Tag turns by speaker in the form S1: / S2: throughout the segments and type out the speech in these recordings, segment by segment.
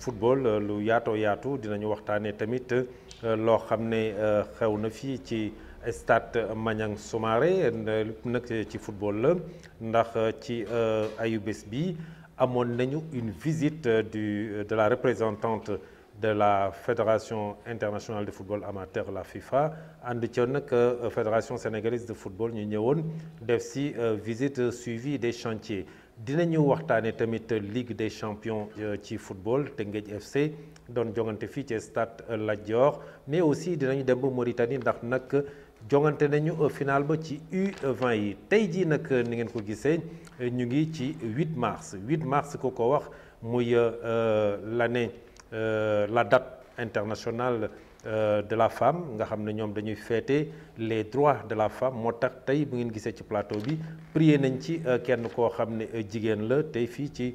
S1: football euh, lu yato yaatu dinañu a tamit euh, lo xamné euh, xewna fi ci stade Maniang Soumaré nak ci football la ndax ci eu bi nañu une visite de la représentante de la fédération internationale de football amateur la FIFA ànd la fédération sénégalaise de football ñu a def si visite suivie des chantiers dinañu waxtane tamit Ligue des champions euh, ci football Teungueth FC dont jongante fi ci stade euh, La Dior mais aussi dinañu dem Mauritanie ndax nak jongante nañu euh, final ba ci U20 yi tey jii nag ni ngeen ko ñu ngi ci 8 mars 8 mars ko ko wax l'année la date internationale. Euh, de la femme nga xamné ñom dañuy féete les droits de la femme motax tay bu ngeen gisee ci plateau bi prier nañ ci euh, kenn ko xamné ne euh, la tay fi ci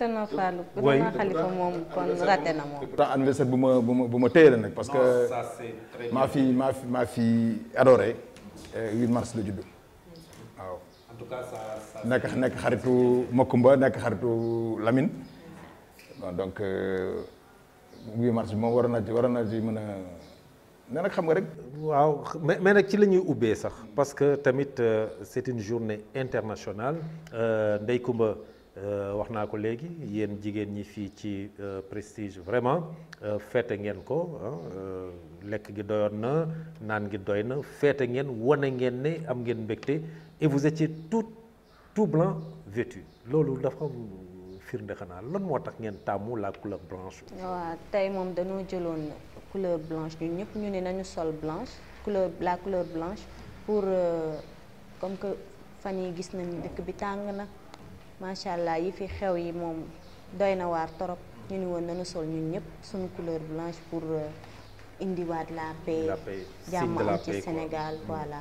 S2: tellement Fallou vraiment Khalifa je kon raté
S3: na parce que ma fille, ma fille, ma 8 mars Je en tout cas ça Lamine donc 8 euh, mars de
S1: parce que euh, c'est une journée internationale euh, Ndeye euh, waxna ko léegi yeen jigen ñi fi ci euh, prestige vraiment euh, feete ngeen ko hein, lek gi doyoon na naan gi doyna na feete ngeen wane ngeen am ngeen mbégte et vous étiez tout tout blanc vêtu loolu dafa firnde xana lan mo tax ngeen tamu la couleur blanche.
S2: wa tay mom dañoo jëloon couleur blanche ñun ñëpp ñu ne nañu sol blanche couleur la couleur blanche pour comme que fani gis nañu dëkk bi tàng macha allah yi xew yi mom doyna war torop ñu ni woon nañu sol ñun ñep suñu couleur blanche pour indi euh, indiwaat la paix. la paix jàmm am ci Sénégal mm. voilà.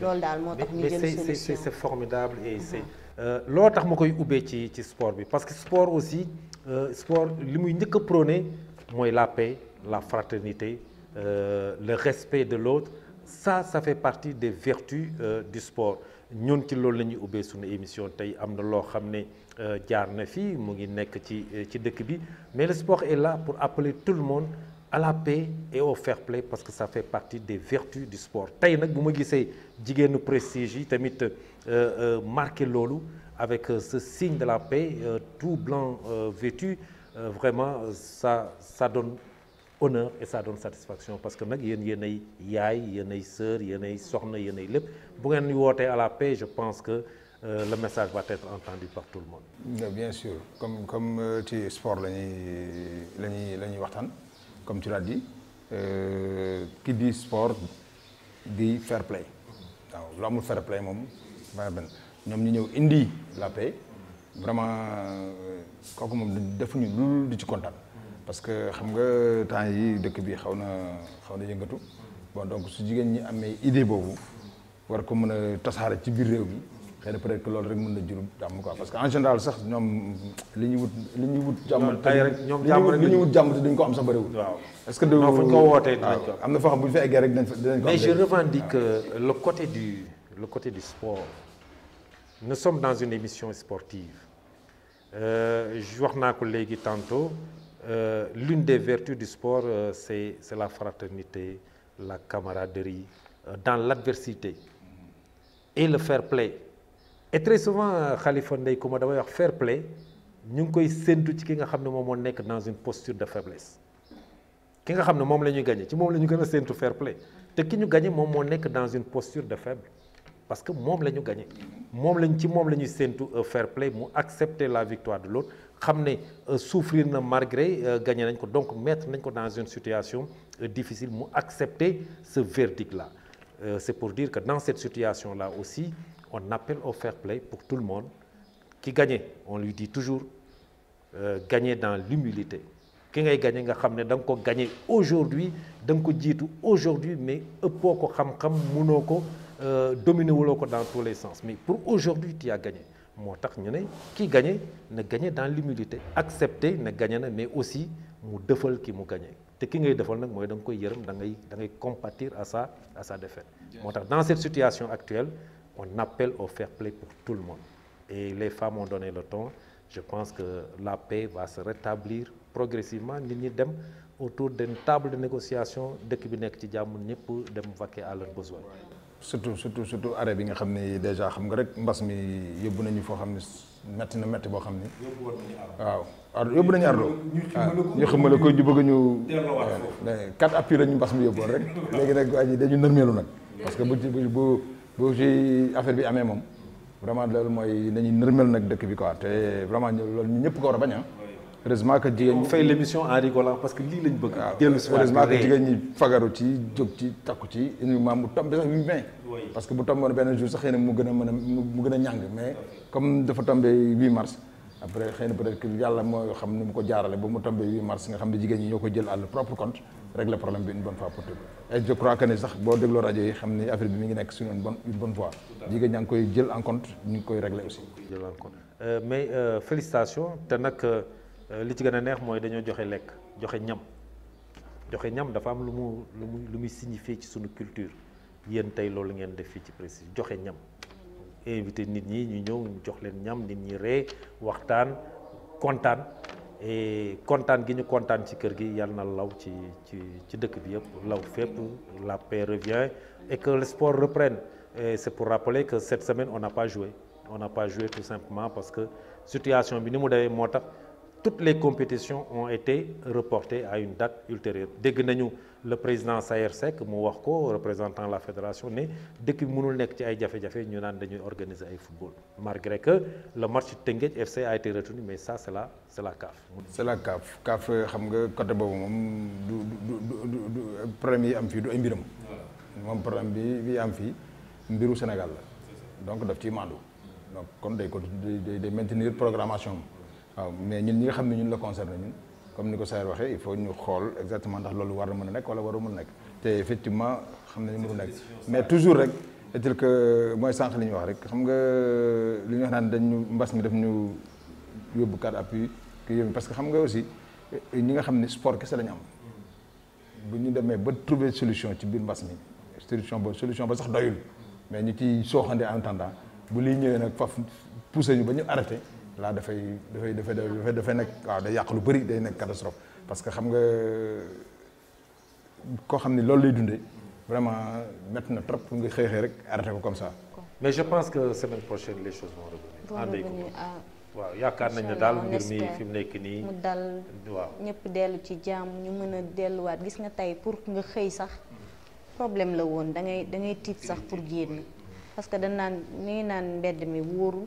S2: lool dal moo tax ñu jël solution c'est c'est
S1: formidable et c'est mm-hmm. euh lo tax makoy koy ci ci sport bi parce que sport aussi euh sport limuy muy njëkk moy la paix la fraternité euh le respect de l'autre ça ça fait partie des vertus euh, du sport ñun ci loolu la ñuy ubbee émission tey am na loo xam ne euh, jaar na fi mu ngi euh, mais le sport est là pour appeler tout le monde à la paix et au fair play parce que ça fait partie des vertus du sport tey nag bu ma gisee jigéenu prestige yi tamit euh, marqué loolu avec ce signe de la paix tout blanc vêtu vraiment ça donne honneur et ça donne satisfaction parce que nak yéen yéen ay yaay yéen sœur yéen soxna yéen lepp bu ngeen à la paix je pense que euh, le message va être entendu par tout le monde.
S3: bien sûr comme comme euh, ci sport la ñuy la ñuy comme tu l'as dit euh, qui dit sport dit fair play donc lu amul fair play mom baax benn ñoom ñu ñëw indi la paix vraiment mom moom ñu lu di ci parce que xam nga temps yi dëkk bi xawna xawna xaw yëngatu bon donc su jigéen ñi amé idée bobu war ko mën a ci biir réew mi xëy na peut-être que loolu rek mën na jur jàmm quoi parce que en général sax ñoom li ñuy wut li ñuy wut. jàmm tey rek ñoom jàmm rek li ñu wut jàmm te duñ ko am sax bëriwul. waaw est-ce que. non fu ko wootee dinañ ko am na foo xam bu ñu fa eggee rek dinañ ko mais je revendique
S1: le côté du le côté du sport nous sommes dans une émission sportive euh, wax naa ko légui tantôt. Euh, l'une des vertus du sport, euh, c'est la fraternité, la camaraderie, euh, dans l'adversité et le fair play. Et très souvent, euh, Khalifa Ndeye, comme on fair play, nous sommes dans une posture de faiblesse. ki nga xam ne moom la ñuy gagné ci moom gagne ñu fair play te ki ñu gagné moom dans une posture de faible parce que nous lañu je gagné moom lañ ci mom la sentu euh, fair play mu accepter la victoire de l'autre xamné euh, souffrir malgré euh, gagné nañ donc mettre nañ ko dans une situation difficile mu accepter ce verdict là c'est pour dire que dans cette situation là aussi on appelle au fair play pour tout le monde qui gagne on lui dit toujours gagner dans l'humilité ki ngay gagné nga xamné dang gagné aujourd'hui dang ko jitu aujourd'hui mais ëppoo ko xam-xam euh, dominer dans tous les sens mais pour aujourd'hui tu as gagné qui qui ñu ne qui gagné dans l'humilité accepter ne gagné mais aussi mu défaut qui mu gagné te ki ngay compatir à sa à sa défaite dans cette situation actuelle on appelle au fair play pour tout le monde et les femmes ont donné le temps, je pense que la paix va se rétablir progressivement nit ñi autour d'une table de négociation de bi qui ci à leurs
S3: besoins surtout surtout surtout arrêt bi nga xam ne déjà xam nga rek mbas mi yóbbu nañu foo xam ne metti na metti boo xam ni. waaw ar yóbbu nañu ardo ñu xamale ko ñu bëgg ñu. quatre appuis la ñu mbas mi yóbbuwoon rek léegi nag waa ji dañu nërmeelu nag parce que bu ci bu bu ci affaire bi amee moom vraiment loolu mooy nañuy nërmeel nag dëkk bi quoi te vraiment loolu ñu ñëpp ko war a bañ heureusement que jigéen ñi fay l'émission en rigolant parce que li lañ bëgg. dellu si heureusement que digagne ñi fagaru ci jóg ci takku ci uniquement mu tombé sax huit parce que bu tomboon benn jour sax xëy mu gëna mëna mu gëna ñang mais comme dafa tombé 8 mars. après xëy peut-être que yalla mo xam ni mu ko jaarale bu mu tombé 8 mars nga xam ne digagne ñi ñoo jël à le propre compte régler problème bi une bonne fois pour toutes et je crois que ne sax boo dégloo rajo yi xam ni affaire bi mi ngi nek sunu une bonne une bonne fois digagne ñang koy jël en compte ñu koy régler aussi. jël en compte
S1: euh, mais euh, félicitations te nag. Euh, euh, li ci gëna neex moy dañu joxe lek joxe ñam joxe ñam dafa am lu mu lu mu lu muy signifier ci suñu culture yeen tay loolu ngeen def fii ci précis joxe ñam inviter nit ñi ñu ñëw jox leen ñam nit ñi ré waxtaan kontaan et kontaan gi ñu kontaan ci kër gi yalla na law ci ci ci dëkk bi yëpp law fépp la paix revient et que le sport reprenne et c'est pour rappeler que cette semaine on n'a pas joué on n'a pas joué tout simplement parce que situation bi ni mu demee motax toutes les compétitions ont été reportées à une date ultérieure que nañu le président Sayer Seck mu wax ko représentant la fédération né, dëkk bi mënul nekk ci ay jafe-jafe ñu naan dañuy organiser ay football malgré que le match Teungueth FC a été retenu mais ça c'est la c'est la
S3: CAF. c'est la CAF CAF xam nga côté boobu moom du du du problème yi am fii du ay mbiram. problème bi bi am mbiru Sénégal donc daf ciy maandu. donc kon day ko maintenir programmation mais ñun ñi nga xam ne ñun la concerné ñun comme ni ko Saer waxee il faut ñu xool exactement ndax loolu war na mën a nekk wala waru mën nekk te effectivement xam nañu mënu nekk mais toujours rek est-il que mooy sànq li ñu wax rek xam nga li ñu wax naan dañu mbas mi daf ñu yóbbu carte appui kii yóbbu parce que xam nga aussi ñi nga xam ne sport kese la ñu am bu ñu demee ba trouver solution ci biir mbas mi solution ba solution ba sax doyul mais ñu ci sooxande en attendant bu lii ñëwee nag faf poussé ñu ba ñu arrêté là fay da fay da fay nek waaw day yàq lu bëri day nek catastrophe parce que xam nga koo xam ni loolu lay dundee vraiment métti na trop nga xëy xëy rek arrêté ko comme ça.
S1: mais je pense que semaine prochaine les choses vont revenir. vont revenir waaw yaakaar nañ ne daal mbir mi fi mu nekk nii. mu dal waaw
S2: ñëpp dellu ci jàmm ñu mën a delluwaat gis nga tey pour nga xëy sax problème la woon da ngay da ngay tiit sax pour génn parce que dañ naan ni naan mbedd mi wóorul.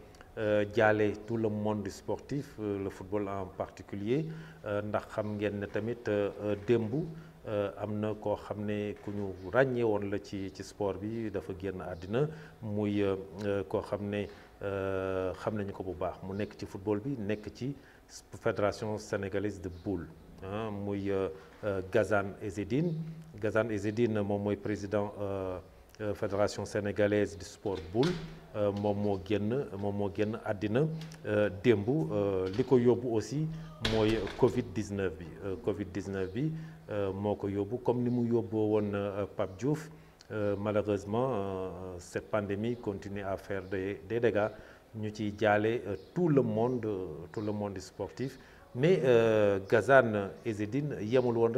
S1: Euh, jaale tout le monde sportif euh, le football en particulier euh, ndax ku ñu sport bi dafa muy football bi fédération sénégalaise de boule hein. muy Gazan Ezedine Gazan Ezedine président. Euh, fédération sénégalaise du sport boule euh, momo moo momo moom adina, euh, aussi moy Covid 19 Covid 19 bi comme ni mu yóbboo Pape Diouf malheureusement cette pandémie continue à faire des dégâts ñu ci jalé tout le monde tout le monde sportif mais Gazan Ezedine yamul won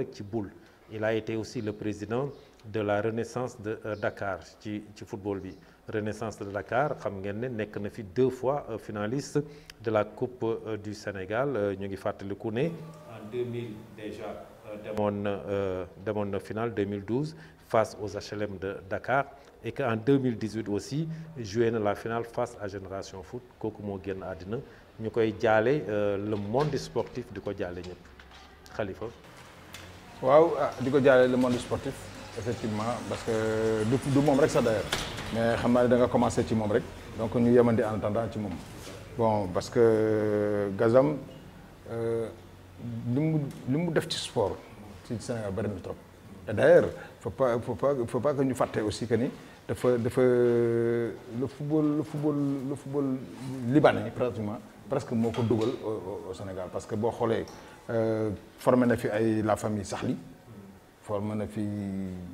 S1: il a été aussi le président de la renaissance de euh, Dakar ci ci football bi renaissance de Dakar xam ngeen ne na fi deux fois euh, finaliste de la coupe euh, du Sénégal ñu ngi le ne en 2000 déjà dans la finale 2012 face aux HLM de Dakar et que en 2018 aussi joué dans la finale face à Génération Foot kooku moo génn àddina ñu koy jalé le monde sportif diko jalé ñep Khalifa.
S3: waaw diko ah, di le monde sportif effectivement parce que du du moom rek d'ailleurs mais xam naa ne da nga commencé ci moom rek donc ñu yemandi en attendant ci moom bon parce que euh, Gazam euh, li mu li mu def ci sport ci Sénégal bari trop et d'ailleurs faut pas faut pas faut pas que ñu fàtte aussi que ni dafa dafa le football le football le football libanais pratiquement presque moo ko dugal au Sénégal parce que boo xoolee euh, formé na fi ay la famille Sahli formé na fi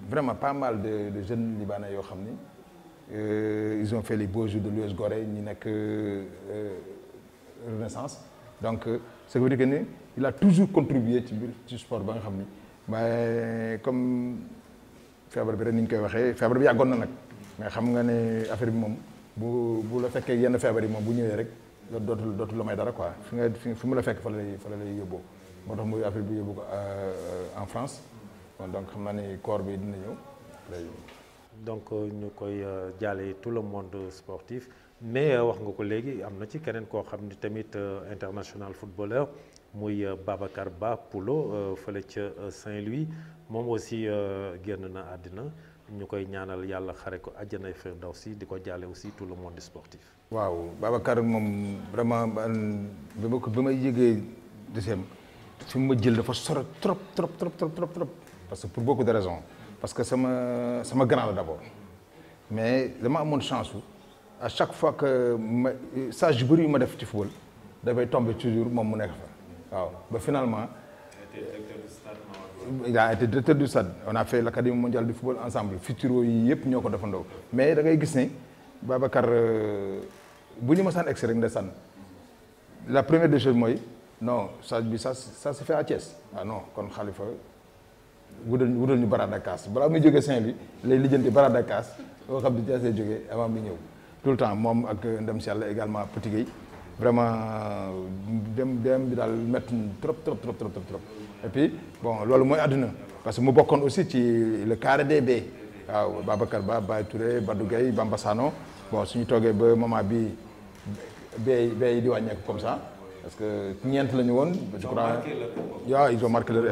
S3: vraiment pas mal de de jeunes libanais yoo xam euh, ils ont fait les beaux jours de l'US Gorée ni ñi euh, euh, Renaissance donc ce euh, veut dire que il a toujours contribué ci sport ba nga mais comme feebar bi rek ni koy waxee mais xam nga ne affaire bi moom bu bu la fekkee yenn feebar yi moom bu ñëwé rek loolu dootul dootul la may dara quoi fi nga fi mu la fekk fa la lay fa la lay yóbboo moo muy affaire bi en France donc ni euh, euh, tout le
S1: monde sportif mais euh, wax nga ko international footballeur C'est Babacar Ba Saint-Louis aussi aussi
S3: tout le monde sportif. waaw Babacar vraiment je trop trop trop trop trop parce que pour beaucoup de raisons parce que me ça me grande d'abord mais dama amoon chance à chaque fois que ça sage yu bëri ma def ci football tomber toujours mon mon nekk fa finalement. il a été directeur du stade on a fait l'académie mondiale du football ensemble futuro il est ñoo ko mais da ngay gis ne Babacar euh, bu ñu masaan egsi la première des choses moi non ça ça ça se fait à Thiès ah non kon Khalifa. wutal wutal ñu bara dakas bala muy jógee saint bi lay lijeenti bara dakas bo xam ne Thiès lay avant mi ñew tout temps mom ak ndam ci yalla également Petit gay vraiment dem dem bi dal métti trop trop trop trop trop et puis bon lolu moy pas parce que mu bokkon aussi ci le carré des baies waaw Babacar Ba bay Touré Badou gay Bamba Sano bon suñu togué ba moment bi baies baies di wàññeeku comme ça parce que ñent lañu won je crois ya ils ont marqué leur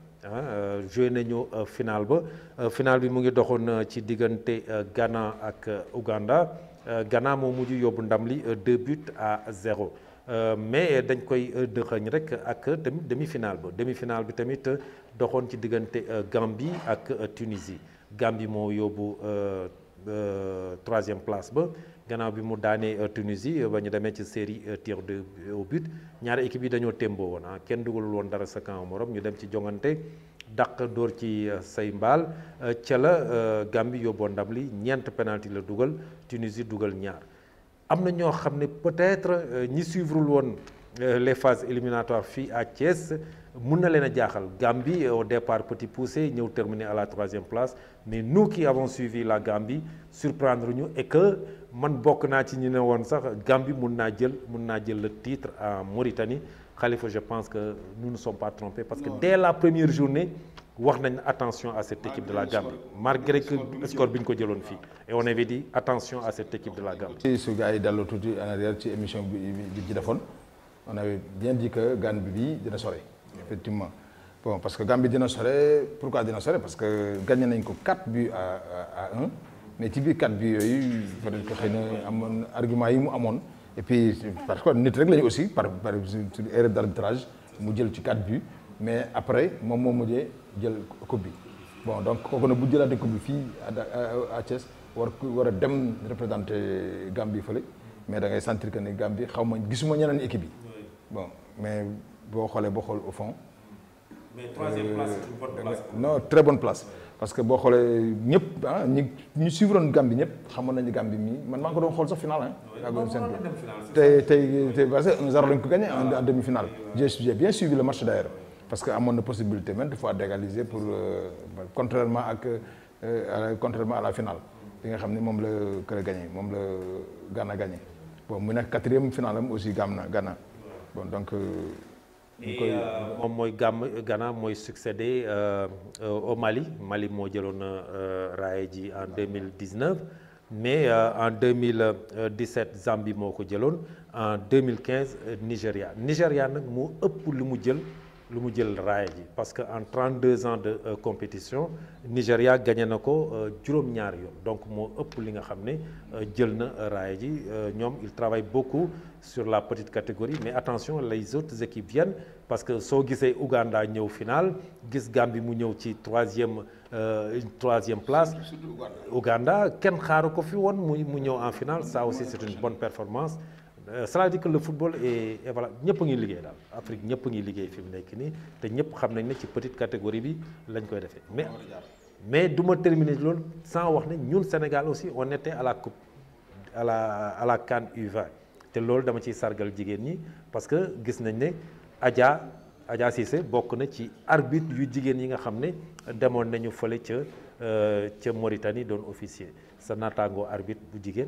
S1: Hein, euh, Je euh, final la euh, bi Ghana ak Uganda. Ghana moo buts à 0. mais dañ koy dëxañ ak demi-finale demi-finale bi tamit doxoon Gambie ak Tunisie Gambie troisième place gannaaw bi mu daanee euh, Tunisie ba ñu demee ci série euh, tir euh, au but ñaari équipe yi dañoo témboo woon ah kenn dugalul woon dara sa camp morom ñu dem ci jongante daq dóor ci say mbaal ca la Gambie yóbboo ndam li ñeent penalty la dugal Tunisie dugal ñaar am na ñoo xam ne peut-être ñi suivrul woon les phases éliminatoires fii à Thiès. mun na leen Gambie au départ petit poussé avons terminé à la troisième place mais nous qui avons suivi la Gambie surprendre nous et que man bokk naa ci ñu ne Gambie mun le titre en Mauritanie Khalifa je pense que nous ne sommes pas trompés parce que dès la première journée wax nañ attention à cette équipe de la Gambie malgré
S3: que score bi ñu ko et on avait dit attention à cette équipe de la Gambie. Ce gars est dans l'autre en arrière ci émission du téléphone. on avait bien dit que Gambie bi la soirée effectivement. Bon, parce que Gambie dina pourquoi dina parce que gagné nañ ko 4 buts à à 1 mais ci biir 4 buts yooyu peut-être que xëy na argument yi mu amoon et puis parce que nit rek lañu aussi par par erreur d'arbitrage mu jël ci 4 buts mais après moom moo mujjee jël coupe bi bon donc kooku nag bu jëlaatee coupe bi fii à Thiès war war a dem représenter Gambie fële mais da ngay sentir que ni Gambie xaw ma gisuma ñeneen équipe yi bon mais boo xoolee boo xool au fond.
S1: mais troisième euh, place c'est une bonne place.
S3: non très bonne place parce que boo xoolee ñëpp ah ñi ñu suivre woon Gambie ñëpp xamoon nañu Gambie mii man maa ngi ko doon xool sax final ah. yaa ngi seen tey tey tey parce que 1 ko gagné en ah. demi finale. j'ai bien suivi le match d'ailleurs parce que amoon na possibilité même de fois d'égaliser pour euh, bah, contrairement ak euh, contrairement à la finale. bi nga xam ne moom la kër gagné moom la Ghana gagné bon mu nekk quatrième finale am aussi Ghana Ghana bon donc.
S1: Et euh, succédé euh, euh, au Mali Mali a jëloon en 2019 mais en 2017 Zambie moko en 2015 Nigeria Nigeria. nak mo ëpp lu lu mu jël parce que en 32 ans de euh, compétition Nigeria gagné na ko euh, ñaar donc moo ëpp li nga xam ne euh, na ji il travaille beaucoup sur la petite catégorie mais attention les autres équipes viennent parce que soo gisee Ouganda ñëw final gis Gambie mu ñëw ci troisième troisième place Ouganda kenn xaaru ko fi mu en finale ça aussi c'est une bonne performance Euh, cela dit que le football et voilà ñëpp ngi liggéey daal Afrique ñëpp ngi liggéey fi mu nekk nii te ñëpp xam nañ ne ci petite catégorie bi lañ koy defee mais mais duma ma terminer loolu sans wax ne ñun Sénégal aussi on était à la coupe à la te loolu dama ciy sargal jigéen ñi parce que gis nañ ne Adja Adja Cissé bokk na ci arbitre yu jigéen yi nga xam ne demoon nañu fële ca euh, ca Mauritanie doon officier sa naataangoo arbitre bu jigéen.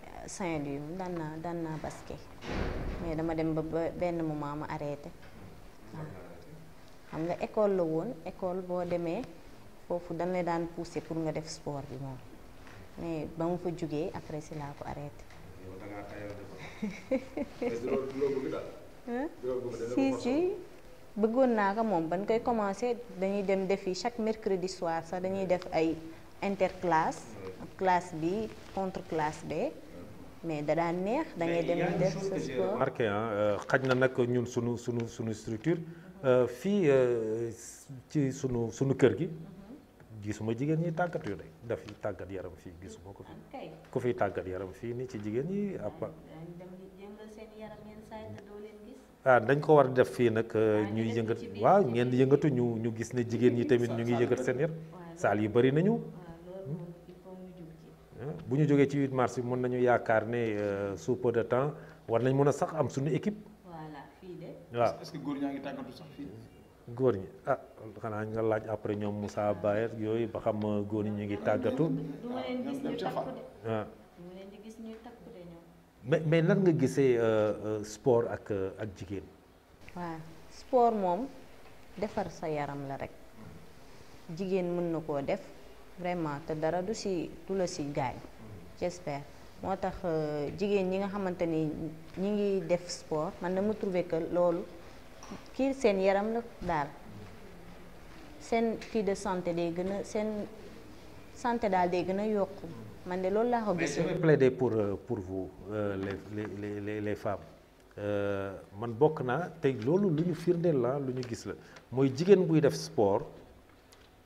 S2: Saint-Louis mu daan naa daan naa basket mais dama dem ba benn moment ma arrêté waaw xam nga école la woon école boo demee foofu dañ la daan pousser pour nga def sport bi moom mais ba mu fa jógee après si laa ko arrêté. si bëggoon naa ko moom ba koy commencé dañuy dem defi chaque mercredi soir sax dañuy def ay interclasse classe bi contre classe B mais da daan neex da ngay dem def sa sport
S1: marqué ah euh, xaj na nag ñun sunu sunu sunu structure euh, fii euh, ci sunu sunu kër gi gisuma jigéen ñi tàggat yu de daf yi tàggat yaram fii gisuma ko fi ah, ku fi tàggat yaram fii ni ci jigéen ñi apa ah, ah dañ ko war a def fii nag ah, ñuy yëngat waaw ngeen yëngatu ñu ñu gis ne jigéen ñi tamit ñu ngi yëngat seen yaram saal yi bari nañu buñu joggé ci 8 mars mën nañu yaakar né euh, sous peu de temps war nañ mëna sax am suñu équipe.
S3: voilà fi dé est-ce que góor ñangi tagatu sax fi
S1: góor ñi ah xana nga laaj après ñom Moussa Baye yoy ba xam euh, góor ñi ñu tagatu tàggatu. waaw ah. mais mais nan nga gissé euh, sport ak ak jigen
S2: wa sport mom défar sa yaram la rek jigen mën nako def. vraiment te dara du si du la si gaañ j'espère moo tax euh, jigéen ñi nga xamante ni ñi ngi def sport man dama trouver que loolu kii seen yaram la daal seen kii de santé day gën a seen santé daal de gën a yokk man de loolu laa ko gis.
S1: pour euh, pour vous euh, les les les les femmes bokk naa tey loolu lu ñu la lu ñu gis mooy jigéen buy def sport.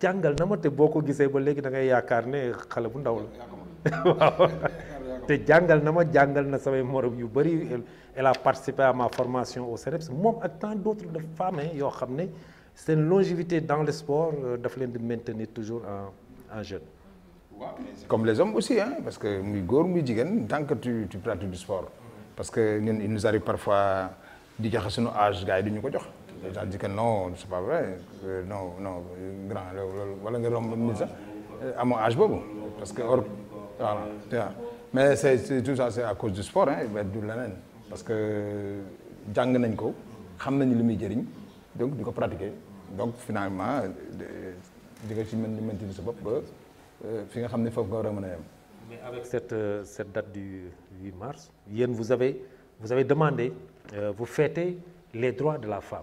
S1: jàngal nama te boko ko gisee ba léegi da ngay yaakaar ne xale bu ndaw la waaw te jàngal na ma jàngal moro yu bëri elle a participé à ma formation au CEREPS moom ak tant d' de femmes hein, yo xam c'est une longévité
S3: dans le sport euh, daf leen de maintenir toujours en jeune. comme les hommes aussi hein parce que muy góor muy jigéen tant que tu tu pratiques du sport. parce que ñun il nous arrive parfois di joxe suñu âge gars de nous ñu jox tandis que non c'est pas vrai non non grand loolu wala nga romb ça, à mon âge boobu parce que or voilà mais c'est tout ça c'est à cause du sport hein du leneen parce que jàng nañ ko xam nañu li muy jëriñ donc di ko pratiquer donc finalement di nga ci mën di maintenir sa bopp ba euh, fi nga xam ne foofu nga war a mais
S1: avec cette euh, cette date du 8 mars yéen vous avez vous avez demandé euh, vous fêtez les droits de la femme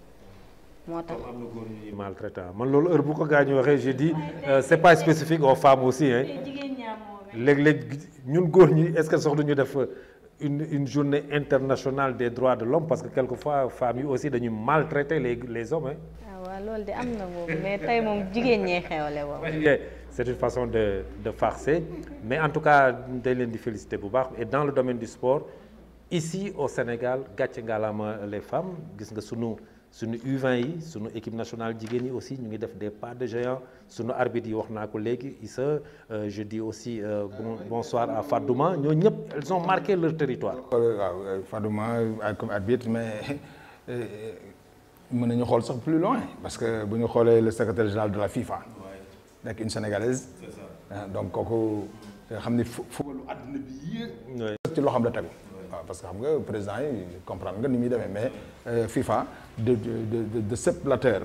S1: moo je ah, euh, c'est pas spécifique aux femmes aussi hein est-ce que soxla ñu euh, une une journée internationale des droits de l'homme parce que quelquefois femmes aussi dañuy maltraiter les les hommes hein. Ah, c'est une façon de de farcer mais en tout cas dañ leen di féliciter bu et dans le domaine du sport ici au Sénégal les femmes gis nga sunu suñu U20 yi sunu équipe nationale jigéen yi aussi ñu ngi def des pas de géant sunu arbitre yi wax naa ko léegi Issa euh, je dis aussi euh, bonsoir à Fadouma ñoo ñëpp elles ont marqué leur territoire.
S3: Euh, Fadouma Fadouma comme arbitre mais mën nañu xool sax plus loin parce que bu ñu le secrétaire général de la FIFA. nekk une sénégalaise. c'est ça ah, donc kooku faut xam ne fu fu. bi ci xam la parce que le président comprend que nous mais euh, FIFA de de de de sept plateurs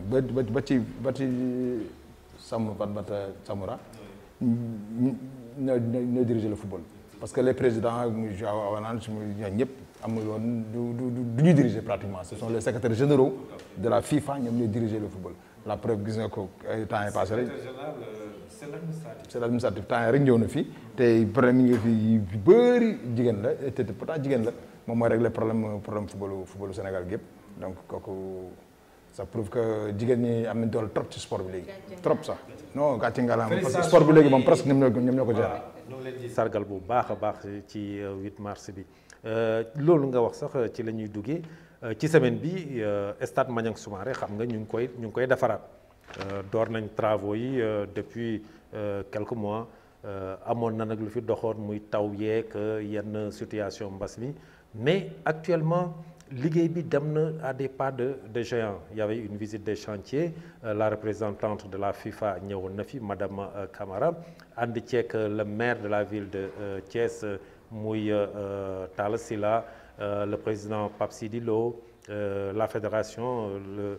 S3: ba diriger le football. parce que les présidents je Joao Avalanche diriger pratiquement ce sont les secrétaires généraux de la FIFA qui ñooy diriger le football la preuve gis que euh, le temps est passé
S4: c'est
S3: l'administratif temps yi rek ñëw na fi te problème yi nga fi yu bëri jigéen la te pourtant jigen la moom mooy régler problème problème footballu footballu Sénégal gi yëpp donc kooku ça prouve que jigéen ñi am nañ trop ci sport bi léegi trop sax non gàcce ngalaam parce que sport bi léegi moom presque ñoom ñoo ñoom ñoo ko ñoo ah,
S1: leen di sargal bu baax a baax ci 8 euh, mars bi euh, loolu nga wax sax euh, ci la ñuy duggee ci semaine bi stade Maniang Soumaré xam nga ñu koy ñu koy defaraat Nous euh, nañ travaux euh, depuis euh, quelques mois amon nan ak lu fi muy taw yenn situation mais actuellement L'IGB bi à des pas de géant. Il y avait une visite des chantiers la représentante de la FIFA Mme Kamara, fi madame Camara le maire de la ville de Thiès muy le président Papsidilo, la fédération le.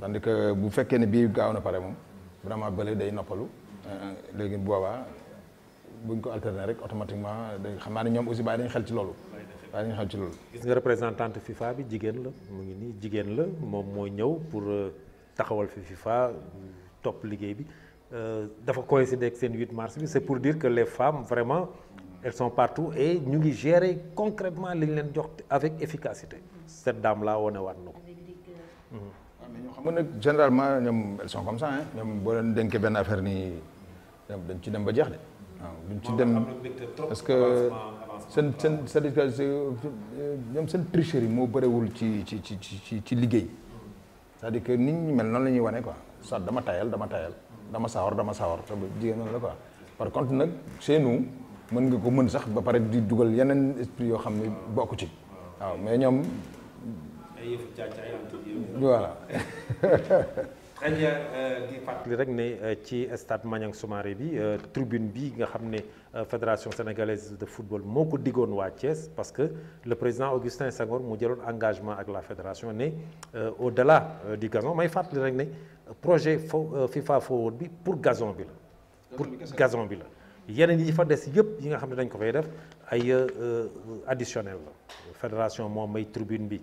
S3: tandis que bu fekkee ne bii gaaw na pare moom vraiment bële day noppalu euh, léegi boobaa buñ ko alterner rek automatiquement day xam naa aussi bàyyi dañu xel ci loolu. bàyyi dañu xel ci loolu. gis nga représentante FIFA bi jigéen la mu ngi nii jigéen la moom moo ñëw
S1: pour euh, taxawal fi FIFA topp liggéey bi euh, dafa coïncider ak seen 8 mars bi c'est pour dire que les femmes vraiment elles sont partout et ñu ngi gérer concrètement li leen jox avec efficacité cette dame là wane waat na
S3: xam nga généralement ñom elles sont comme ça hein ñom bo leen dénkee ben affaire ni ñom dañ ci dem ba jeex dé buñ ci dem parce que sen sen cest à que ñom sen tricherie mo moo wul ci ci ci ci ci liggéey c'est-à-dire que nit ñi mel non lañuy wone quoi soit dama tayal dama tayal dama sawar dama sawar te jigéen noonu la quoi par contre nak chez nous mën nga ko mën sax ba paré di duggal yenen esprit yo xamni bokku ci waaw mais ñom
S1: voilà. très bien di euh, fàttali rek ne euh, ci stade Maniang Soumaré bi euh, tribune bi nga xamné fédération sénégalaise de football moko digone wa Thiès parce que le président Augustin Senghor mu jëlone engagement ak la fédération né au delà du gazon may fàttali rek né projet FIFA Forward bi pour gazon bi
S4: la. pour
S1: gazon bi la. yeneen yi fa dess yépp yi nga xamné dañ ko fay def ay additionnel la fédération mo may tribune bi.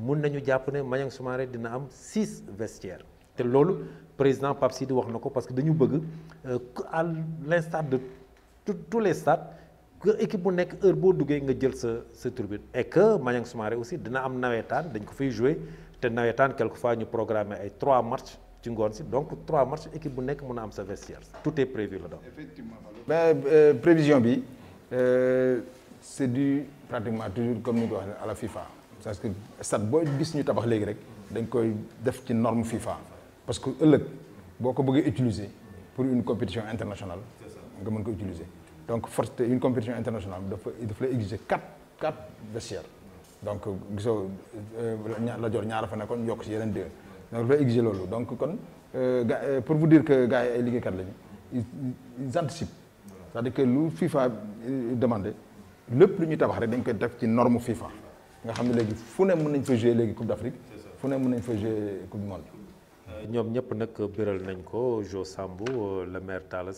S1: mën nañu japp ne Maniang sumaré dina am 6 vestiaire té lolu président pap Sidi wax nako parce que dañu bëgg euh, à l'instar de tous les stades que équipe bu nek heure bo duggé nga jël sa sa tribune et que Maniang sumaré aussi dina am nawétane dañ ko fay jouer te nawetaan quelquefois ñu programmer ay 3 matchs ci ngoon ci donc 3 matchs équipe bu nek
S3: mëna am sa vestiaire tout est prévu là donc effectivement mais euh, prévision bi euh, c'est du pratiquement toujours comme nous à la FIFA. parce que ça boy bis ñu tabax légui rek dañ koy def ci norme FIFA parce que ëllëg boko bëgg utiliser pour une compétition internationale nga mën ko utiliser donc force une compétition internationale dafa il lay exiger quatre quatre vestiaires donc gisoo euh, la jor ñaara fa nekkoon yokk ci yeneen deux donc il lay exiger lolu donc kon euh, euh, pour vous dire que gars yi ay liggéeykat lañu ils anticipent c'est-à-dire que lu FIFA demandé lepp lu ñu tabax rek dañ koy def ci norme FIFA nga xam que léegi fu ne nañ fa jouer léegi Coupe d'Afrique fu ne nañ fa jouer Coupe du Monde
S1: euh, ñoom ñëpp nag biral nañ ko Jo Sambou euh, le maire Talla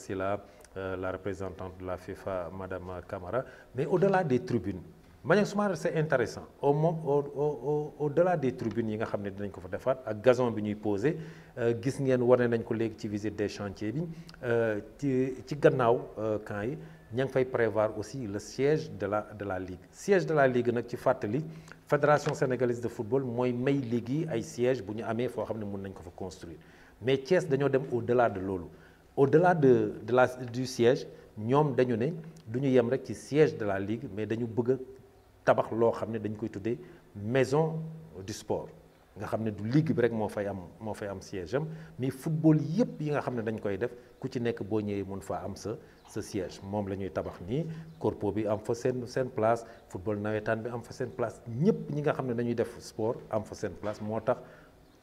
S1: euh, la représentante de la FIFA Madame Camara mais au-delà des tribunes Maniang Soumaré c'est intéressant au delà des tribunes yi nga xam ne dinañ ko fa defaat ak gazon bi ñuy posé euh, gis ngeen wane nañ ko léegi ci visite des chantiers bi euh, ci ci gannaaw euh, camp yi ña fay prévoir aussi le siège de la de la ligue siège de la ligue nag ci fédération sénégalaise de football mooy may ligue yi ay siège bu ñu amee foo xam ne nañ ko fa construire mais Thiès dañoo dem au delà de loolu au delà de de la du siège ñoom dañu ne du yem rek ci siège de la ligue mais dañu bëgg tabax lo xamné dañ koy tuddé maison du sport nga xamné du ligue bi rek mo fay am mo fay am siège mais football yépp yi nga xamné dañ koy def ku ci nek bo ñëwé mun fa am sa sa siège mom lañuy tabax ni corpo bi am fa seen seen place football nawetaan bi am fa seen place ñëpp ñi nga xamné dañuy def sport am fa seen
S3: place motax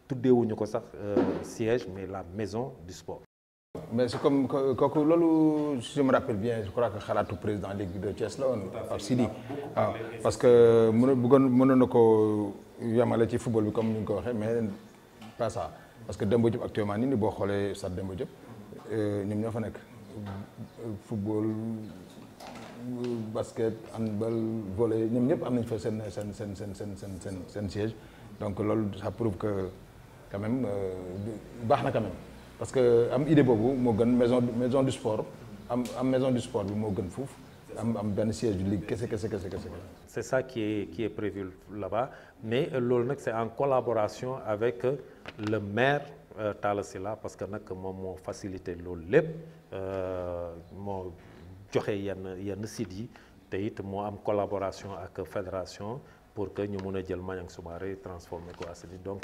S3: tuddé wuñu ko sax euh, siège mais la maison du sport mais c'est comme kooku loolu si je me rappelle bien je crois que Khalatou président Ligue de Thiès là, on ak Sidi parce que mën bëggoon mënoon na ko yemale ci football comme ni nga ko mais pas ça parce que Dembo actuellement ni boo xoolee stade Dembo Diop euh, ñoom ñoo fa nekk football basket handball volley ñoom ñëpp am nañ fa sen, sen, sen, sen, sen, sen, siège donc loolu ça prouve que quand même euh, na quand même parce que am idée bobu mo gën maison maison du sport am am maison du sport bi moo gën fouf am am ben siège du ligue kese kese kese que
S1: c'est ça qui est qui est prévu là-bas mais euh, lool nak c'est en collaboration avec euh, le maire euh, Talla Sylla parce que nag moom moo facilité loolu euh mo joxé yenn yenn site yi te it mo am collaboration avec fédération pour que ñu mëna a jël Maniang Soumaré transformer ko à donc.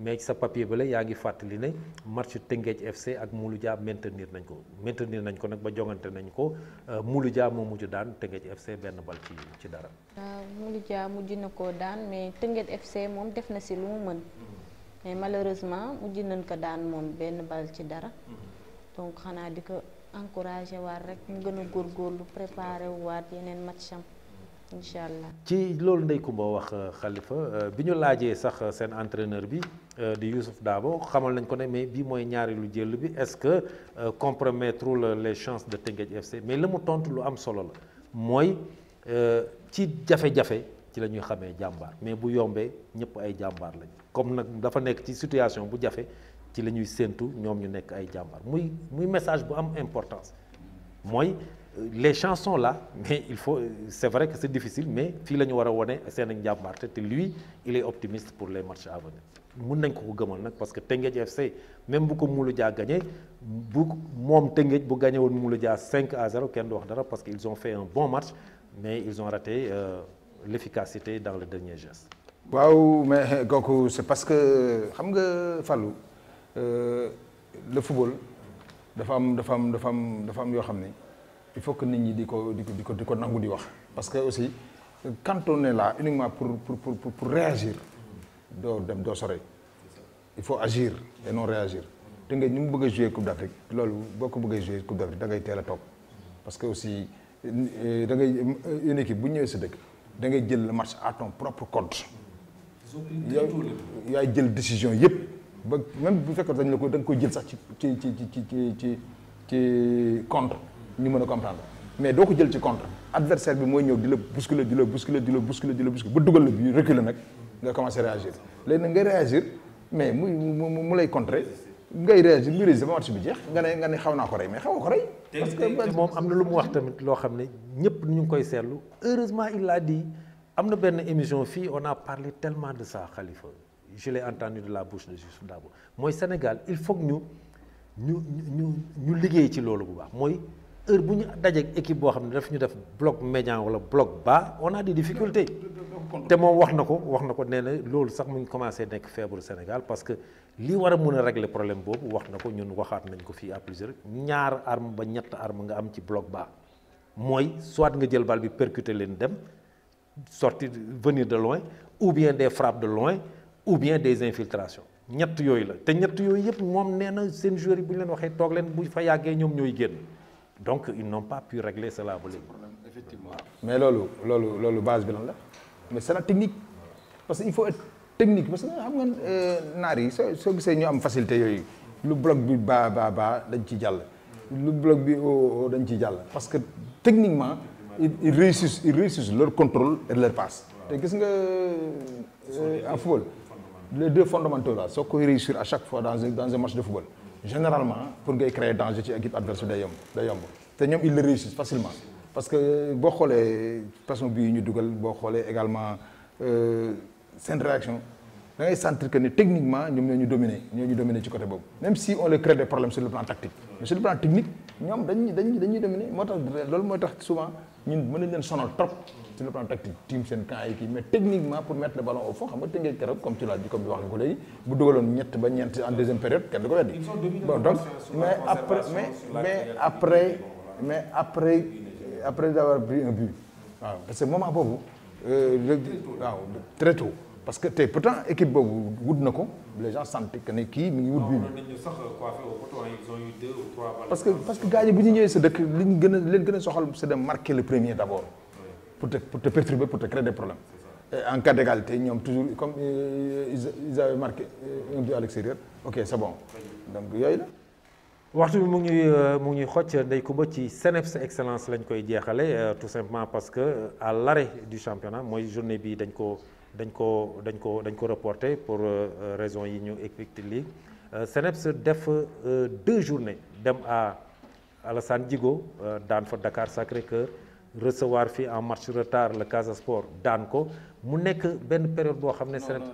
S1: mais sa papier ba la yaa ngi fàttali ne match Tëngéej FC ak Mouloudia maintenir nañ ko maintenir nañ ko nag ba jongante nañu ko euh, mulujaa moo mujj daan Tëngéej FC benn bal ci ci dara.
S2: waaw euh, Mouloudia mujj na ko daan mais Tëngéej FC moom def na si lu mu mën. mais malheureusement mujj nañ ko daan moom benn bal ci dara. donc xanaa di ko encouragé waat rek mu gën a góorgóorlu préparé waat yeneen matcham. incha allah
S1: ci loolu Ndeye Comba wax xalifa euh, bi ñu laajee sax seen entraîneur bi. Euh, de Youssouf Dabo xamal nañ ko ne mais moy ñaari lu jël bi est-ce que euh, les chances de Teungueth FC mais le mu tontu lu am solo la euh, ci jafé jafé ci la xamé jambar mais bu yombé ñëpp ay jambar, lañ comme nak dafa nek ci situation bu jafé ci la sentu ñom ñu nek ay jambar muy muy message bu am importance les chances sont là mais il faut c'est vrai que c'est difficile mais fii la ñu war a wone lui il est optimiste pour les matchs à venir mun nañ ko ko gëmal parce que Teungueth FC même bu ko a gagné bu moom Teungueth bu gagné woon Mouloudia 5 à 0 kenn du wax parce qu'ils ont fait un bon match mais ils ont raté euh, l'efficacité dans le dernier geste.
S3: Waouh, mais Goku, c'est parce que xam nga euh, le football dafa am dafa am dafa am dafa am yoo xam il faut que nous ñi di ko di ko di wax parce que aussi quand on est là uniquement pour pour pour pour, pour réagir doo dem doo il faut agir et non réagir te nga ñu mu jouer coupe d'Afrique afrique loolu boo jouer coupe d'Afrique afrique da ngay parce que aussi da ngay une équipe bu ñëwee sa dëkk da ngay jël le match à ton propre compte y a jël décision Yep. même bu fekkoon dañ la ko da nga koy jël ça ci ci ci ci ci ci contre ñu mën comprendre mais doo ko jël ci contre adversaire bi moy ñew di le bousculer di le bousculer di le bousculer di le bousculer bu duggal la bi reculer nak nga commencé réagir légui nga réagir mais muy mu lay contrer ngay réagir muy réagir ba match bi jeex nga ne nga ne xawna ko ray mais xaw ko rey.
S1: parce que moom am lu mu wax tamit lo xamné ñepp ñëpp ñu ngi koy seetlu heureusement il a dit amna na benn émission fi on a parlé tellement de ça Khalifa je l'ai entendu de la bouche de Youssou Dabo mooy Sénégal il faut que ñu ñu ñu ñu liggéey ci lolu bu baax moy heure bu ñu dajeeg équipe boo xam ne daf ñu def bloc médian wala bloc bas on a des difficultés. te moom wax na ko wax na ko nee na loolu sax mu ngi commencé nekk feebaru Sénégal parce que li war a mun a régler problème boobu wax na ko ñun waxaat nañ ko fii à plusieurs ñaar arme ba ñett arme nga am ci bloc bas. mooy soit nga jël bal bi percuter leen dem sortir venir de loin ou bien des frappes de loin ou bien des infiltrations ñett yooyu la te ñett yooyu yëpp moom nee na seen joueurs bu ñu leen waxee toog leen bu fa yàggee ñoom ñooy génn. donc
S3: ils n'ont pas pu régler cela vous problème, effectivement mais loolu base bi mais c'est la technique parce qu'il faut être technique parce que xam nga euh, naar yi facilité Le bloc bi ba ba ba dañ ci bloc bi oh dañ ci parce que techniquement ils réussissent ils réussissent leur contrôle et leur passe. Qu'est-ce que euh, en football les deux fondamentaux là à chaque fois dans dans un match de football généralement pour ngay créer danger ci équipe adverse de day yomb day yomb ils réussissent facilement parce que boo xoolee façon bii ñu dugal boo xoolee également euh, seen réaction da ngay sentir que techniquement nous ñoo ñu dominer ñu dominer ci côté même si on leur crée des problèmes sur le plan tactique mais sur le plan technique ñom dañuy dañuy dañuy dem motax moo moy tax souvent ñun mëna nañ leen sonal trop sur le plan tactique team sen camp yi kii mais techniquement pour mettre le ballon au fond xam nga tënkee keroog comme ci la di comme wax nga ko léegi bu dugaloon ñett ba ñent en deuxième période kenn du ko weddi bon donc mais après mais mais après mais après après avoir pris un but waaw parce que moment bobu boobu euh, waaw très tôt parce que tey pourtant équipe bobu wut na ko les gens sentent que ne kii mi
S1: parce que parce que gars yi
S3: bu ñu ñëwee deux dëkk li leen gën soxal c'est de marquer le premier d'abord pour te pour te perturber pour te créer des problèmes et en cas d'égalité ont toujours comme euh, ils avaient marqué euh, un but à l'extérieur ok c'est bon donc yooyu la waxtu bi mu ñuy euh, mu ñuy xocc day Comba ci
S1: CNEPS excellence lañ koy jeexale tout simplement parce que à l'arrêt du championnat mooy journée bi dañ ko dañ ko dañ ko dañ ko reporté pour euh, raison yi ñu expliqué lii CNEPS euh, def euh, deux journées dem à Alassane Djigo daan fa Dakar Sacré-Cœur recevoir fi en match retard le Casa Sport daan ko mu nek ben période boo xam ne CNEPS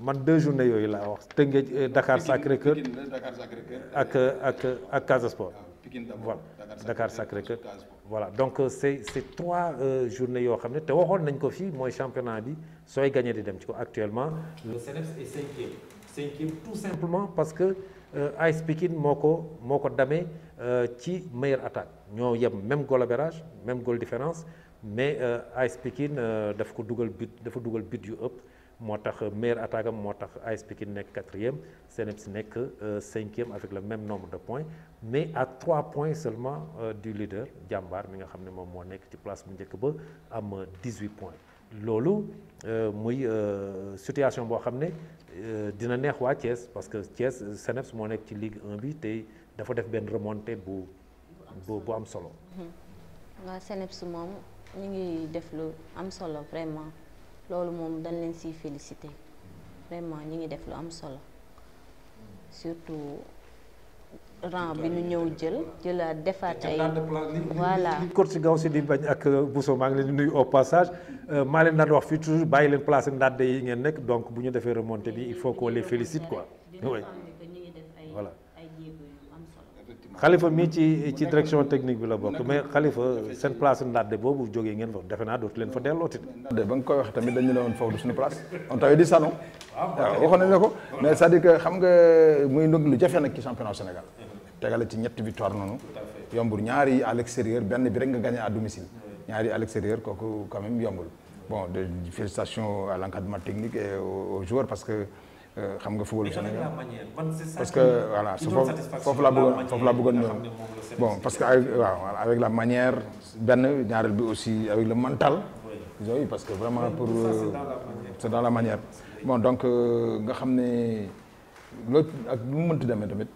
S1: man deux journées yoy la wax Tëngéej Dakar Sacré-Cœur ak ak ak Casa Sport ah voilà Dakar Sacré-Cœur voilà donc euh, c'est c'est trois euh, journées yo xamné té te nañ ko fi moy championnat bi soy gagné di dem ci ko actuellement le CNEPS est 5e tout simplement parce que euh, Pikine moo moko moo ko damee euh, ci meilleure attaque ño yem même goal average même goal différence mais AS Pikine daf ko dougal but dafa dougal but yu ëpp motax meilleur attaquant motax am moo tax AS Pikine nekk quatrième CNEPS nekk euh, avec le même nombre de points mais à 3 points seulement euh, du leader Jambar mi nga xamné mom mo nek ci place bu njëkk ba am 18 points loolu euh, muy situation bo xamné euh, dina neex wa Thiès parce que Thiès CNEPS mo nek ci Ligue 1 bi té dafa def ben remontée bu bu bu am solo.
S2: Mhm. waaw CNEPS mom ñi ngi def lu am solo vraiment loolu mom dañ leen ci féliciter vraiment ñi ngi def lu am solo surtout rang bi ñu ñëw jël jëlaat defaat tay
S1: voilà Coach ci di bañ ak euh, Bousso ma ngi leen di nuyu au passage euh, maa leen daan wax fii toujours bàyyi leen place ak ndàdde yi ngeen nek donc bu ñu defee remontée bi il faut qu'on les félicite quoi oui. xalifa mii ci ci direction technique bi la bokk mais xalifa seen place ndàdde boobu jógee ngeen fa defe naa
S3: dootu leen fa dellooti. ba nga koy wax tamit dañu ne foofu du suñu place on t'avait dit salon.
S4: waaw
S1: ah, waxoon
S3: nañu la ko mais cest dire que xam nga muy nag lu jafe nag ci championnat Sénégal. tegale ci ñetti victoire noonu. yombul ñaari à l'extérieur benn bi rek nga gagné à domicile. ñaari à l'extérieur kooku quand même yombul. bon de félicitations à l'encadrement que. Euh, xam nga football Sénégal parce que voilà su la bëggoon foofu la bëggoon ñëw bon parce que avec waaw voilà avec la manière benn ñaareel bi aussi avec le mental yooyu parce que vraiment pour euh, c'est dans la manière bon donc euh, nga xam ne loolu ak lu mu mënti demee tamit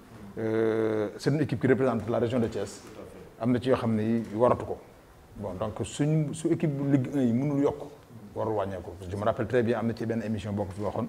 S3: c'est une équipe qui représente la région de Thiès am na ci yoo xam ne waratu ko bon donc suñ su équipe Ligue 1 yi mënul yokk warul wàññeeku je me rappelle très bien am na ci benn émission bokk fi waxoon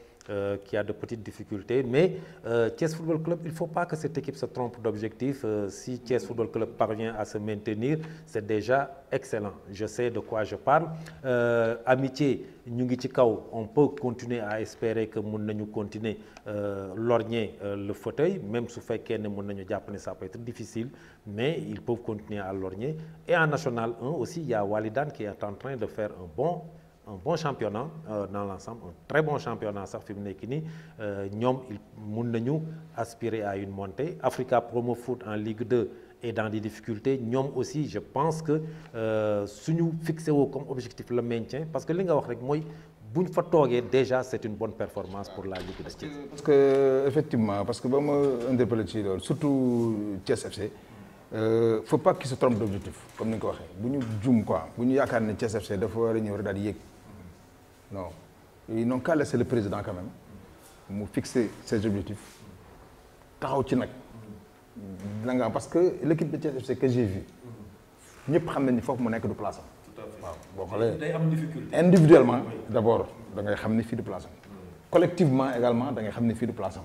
S1: Euh, qui a de petites difficultés. Mais euh, Football Club, il ne faut pas que cette équipe se trompe d'objectif. Euh, si Thiès Football Club parvient à se maintenir, c'est déjà excellent. Je sais de quoi je parle. Euh, amitié, Nyungichikao, on peut continuer à espérer que nous continuer lorgner le fauteuil, même si ça peut être difficile, mais ils peuvent continuer à lorgner. Et en National 1 aussi, il y a Walidan qui est en train de faire un bon un bon championnat euh, dans l'ensemble un très bon championnat Ça fait une équipe nous euh, ñoom il aspirer à une montée Africa Promo Foot en Ligue 2 est dans des difficultés ñoom aussi je pense que euh, suñu fixé fixons comme objectif le maintien parce que li nga wax rek mooy déjà c'est une bonne performance pour la Ligue de
S3: parce que effectivement parce que ba ma interpellé ci loolu surtout Thiès FC. faut pas qu'il se trompe d'objectif comme ni nga ko waxee bu jum quoi si ñu yaakaar ne Thiès FC dafa war a ñëw daal non. Ils n'ont qu'à laisser le président quand même mu fixer ses objectifs taxaw ci nag nga parce que l'équipe de Thiès FC que j'ai vu ñëpp xam nañ ni foofu mu nekk du place tout à fait day
S1: am difficulté. individuellement
S3: d'abord, abord da ngay xam ni du place collectivement également da ngay xam ni fii du place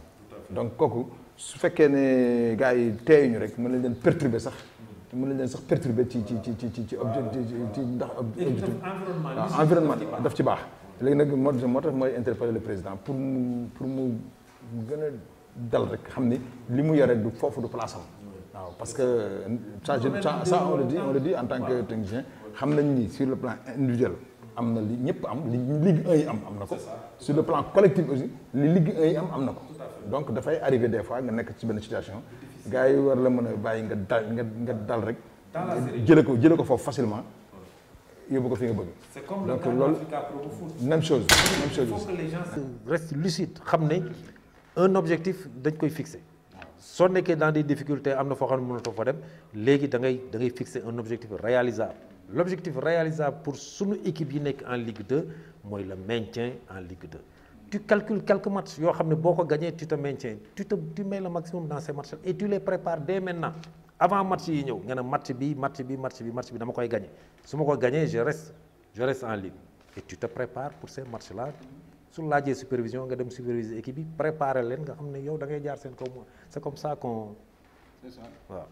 S3: donc kooku su fekkee ne gars yi teeyuñu rek mën nañ leen perturber sax. Mm-hmm. mën nañ leen sax perturber ci ci ci ci ci ci ndax.
S1: environnement daf
S3: ci baax léegi nag moo moo tax interpeller le président pour mu pour mu gëna dal rek xam ni li mu yore du fofu du place am waaw parce que ça ça on le dit on le dit en tant que technicien xam nañ ni sur le plan individuel am na li ñëpp am li Ligue 1 am am na ko sur le plan collectif aussi li Ligue 1 am am na ko donc dafay arrivé des fois nga nekk ci benn situation gars yi war la mëna a nga dal nga dal rek jële ko jële ko fofu facilement c'est comme le loolu
S1: même chose même chose. il faut que les gens restent lucides xam un objectif dañ koy fixé. Sont est dans des difficultés on na fixer un objectif réalisable L'objectif réalisable pour sunu équipe yi en Ligue 2 c'est le maintien en Ligue 2 tu calcules quelques matchs tu sais, tu te maintiens tu tu mets le maximum dans ces matchs et tu les prépares dès maintenant avant match yi y a ne match bi match bi match bi match bi dama koy gagné Si ma ko gagné je reste je reste en ligne et tu te prépares pour ces matchs là su laajee supervision nga dem superviser équipe bi préparer leen nga yow da ngay jaar kaw comme ça qu'on c'est ça waaw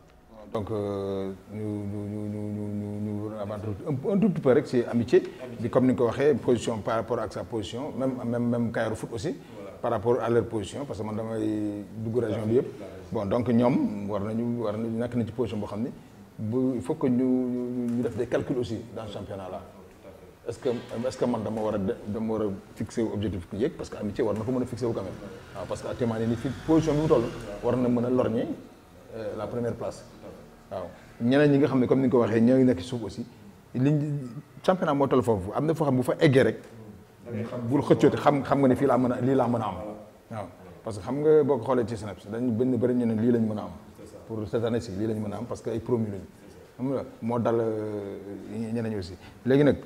S3: donc euh, nous, nous, nous, nous, nous, ñu ñu un tout petit peu rek c'est amitié. bi comme ni nga ko waxee position par rapport à sa position même même même Kayru foot aussi par rapport à leur position parce que man damay dugg région bi bon donc nous war nañu war nañu nekk na ci position boo xam bu il faut que ñu ñu def des calculs aussi dans ce championnat là est ce que est ce que man dama war a dama war a fixé objectif ku parce que amitié war na ko mën a wu quand même parce que actuellement nii fi position bi mu toll war na a lorñi euh, la première place waaw ñeneen ñi nga xam ne comme ni nga ko waxee ñooy nekk ci aussi liñ championnat moo toll foofu am na foo xam bu fa eggee rek bul xëccooti xam xam nga ne fii laa mën a lii laa mën a am waaw parce que xam nga boo xoolee ci SNEIPS dañ benn bëri ñu ne lii lañ mën a am pour cette année ci lii lañ mën a am parce que ay promis lañ moo dal euh, ñeneen aussi léegi nag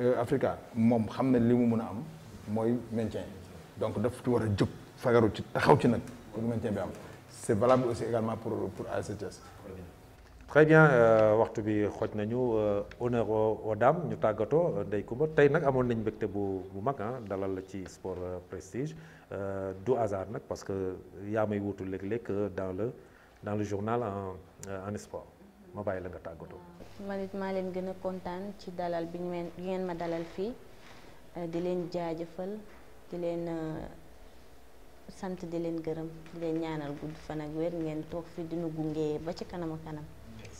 S3: euh, Africa moom xam na li mu mën a am mooy maintien donc daf ci war a jóg fagaru ci taxaw ci nag pour maintien bi am c'est valable aussi également pour pour ASTS très bien euh, waxtu bi xooj nañu euh, honneur aux ñu tàggatoo
S1: euh, Ndeye Comba tey nag amoon nañ mbégte bu bu mag ah dalal la ci sport prestige du hasard nag parce que yaa may wutu léeg-léeg dans le dans le journal en en sport ma bàyyi la nga tàggatoo.
S2: man maa leen gën a kontaan ci dalal bi ñu ngeen ma dalal fii di leen jaajëfal di leen sant di leen gërëm di leen ñaanal gudd fan ak wér ngeen toog fii di nu ba ci kanam a kanam.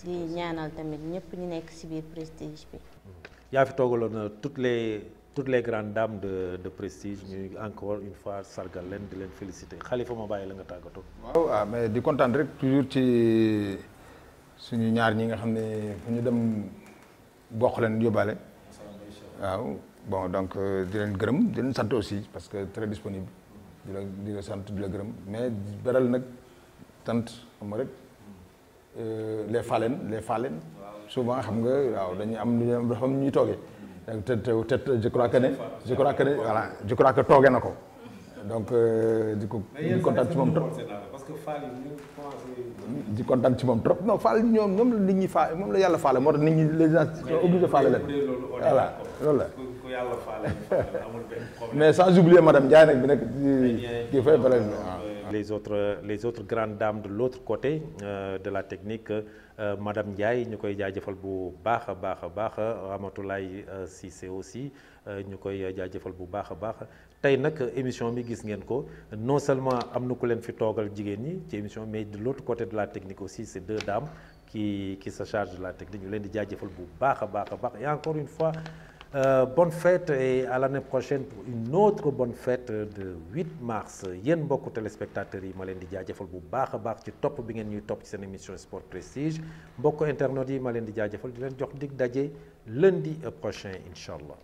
S2: di ñaanal tamit ñëpp ñu nekk ci biir prestige bi.
S1: Ya fi toogaloon euh, toutes les toutes les grandes dames de de prestige ñu encore une fois sargal leen di leen féliciter Khalifa ma bàyyi la nga tàggatoo.
S3: waaw ah mais di content, rek toujours ci suñu ñaar ñi nga xam ne fu ñu dem bokk leen yóbbaale. waaw bon donc euh, di leen gërëm di leen sant aussi parce que très disponible. di la di la sant di la gërëm mais beral nak tant xam rek. Euh, les falen les falen souvent xam nga waaw dañuy am lu xam ñuy toogee te je crois que ne je crois que ne voilà je crois que tooge na ko donc euh, di ko di kontaan ci moom trop di kontaan ci mom trop non faal ñom ñom la nit ñi fa mom la Yalla faale moo tax nit ñi les gens sont obligés faale leen voilà loolu
S1: la mais sans oublier madame Ndiaye nak bi nek ki kii fay fale les autres, les autres grandes dames de l'autre côté euh, de la technique, euh, Madame Ndiaye, nous avons dit bu Sissé euh, aussi nous bu émission non seulement mais de l'autre côté de la technique aussi c'est deux dames qui se chargent de la technique et encore une fois euh, bonne fête et à l'année prochaine pour une autre bonne fête de 8 mars yéen mbokku téléspectateurs yi de leen di jaajëfal bu barre a baax ci topp bi ngeen ñuy top ci seen émission sport prestige mbokku internautes yi ma leen di jaajëfal di leen jox dig lundi prochain inshallah.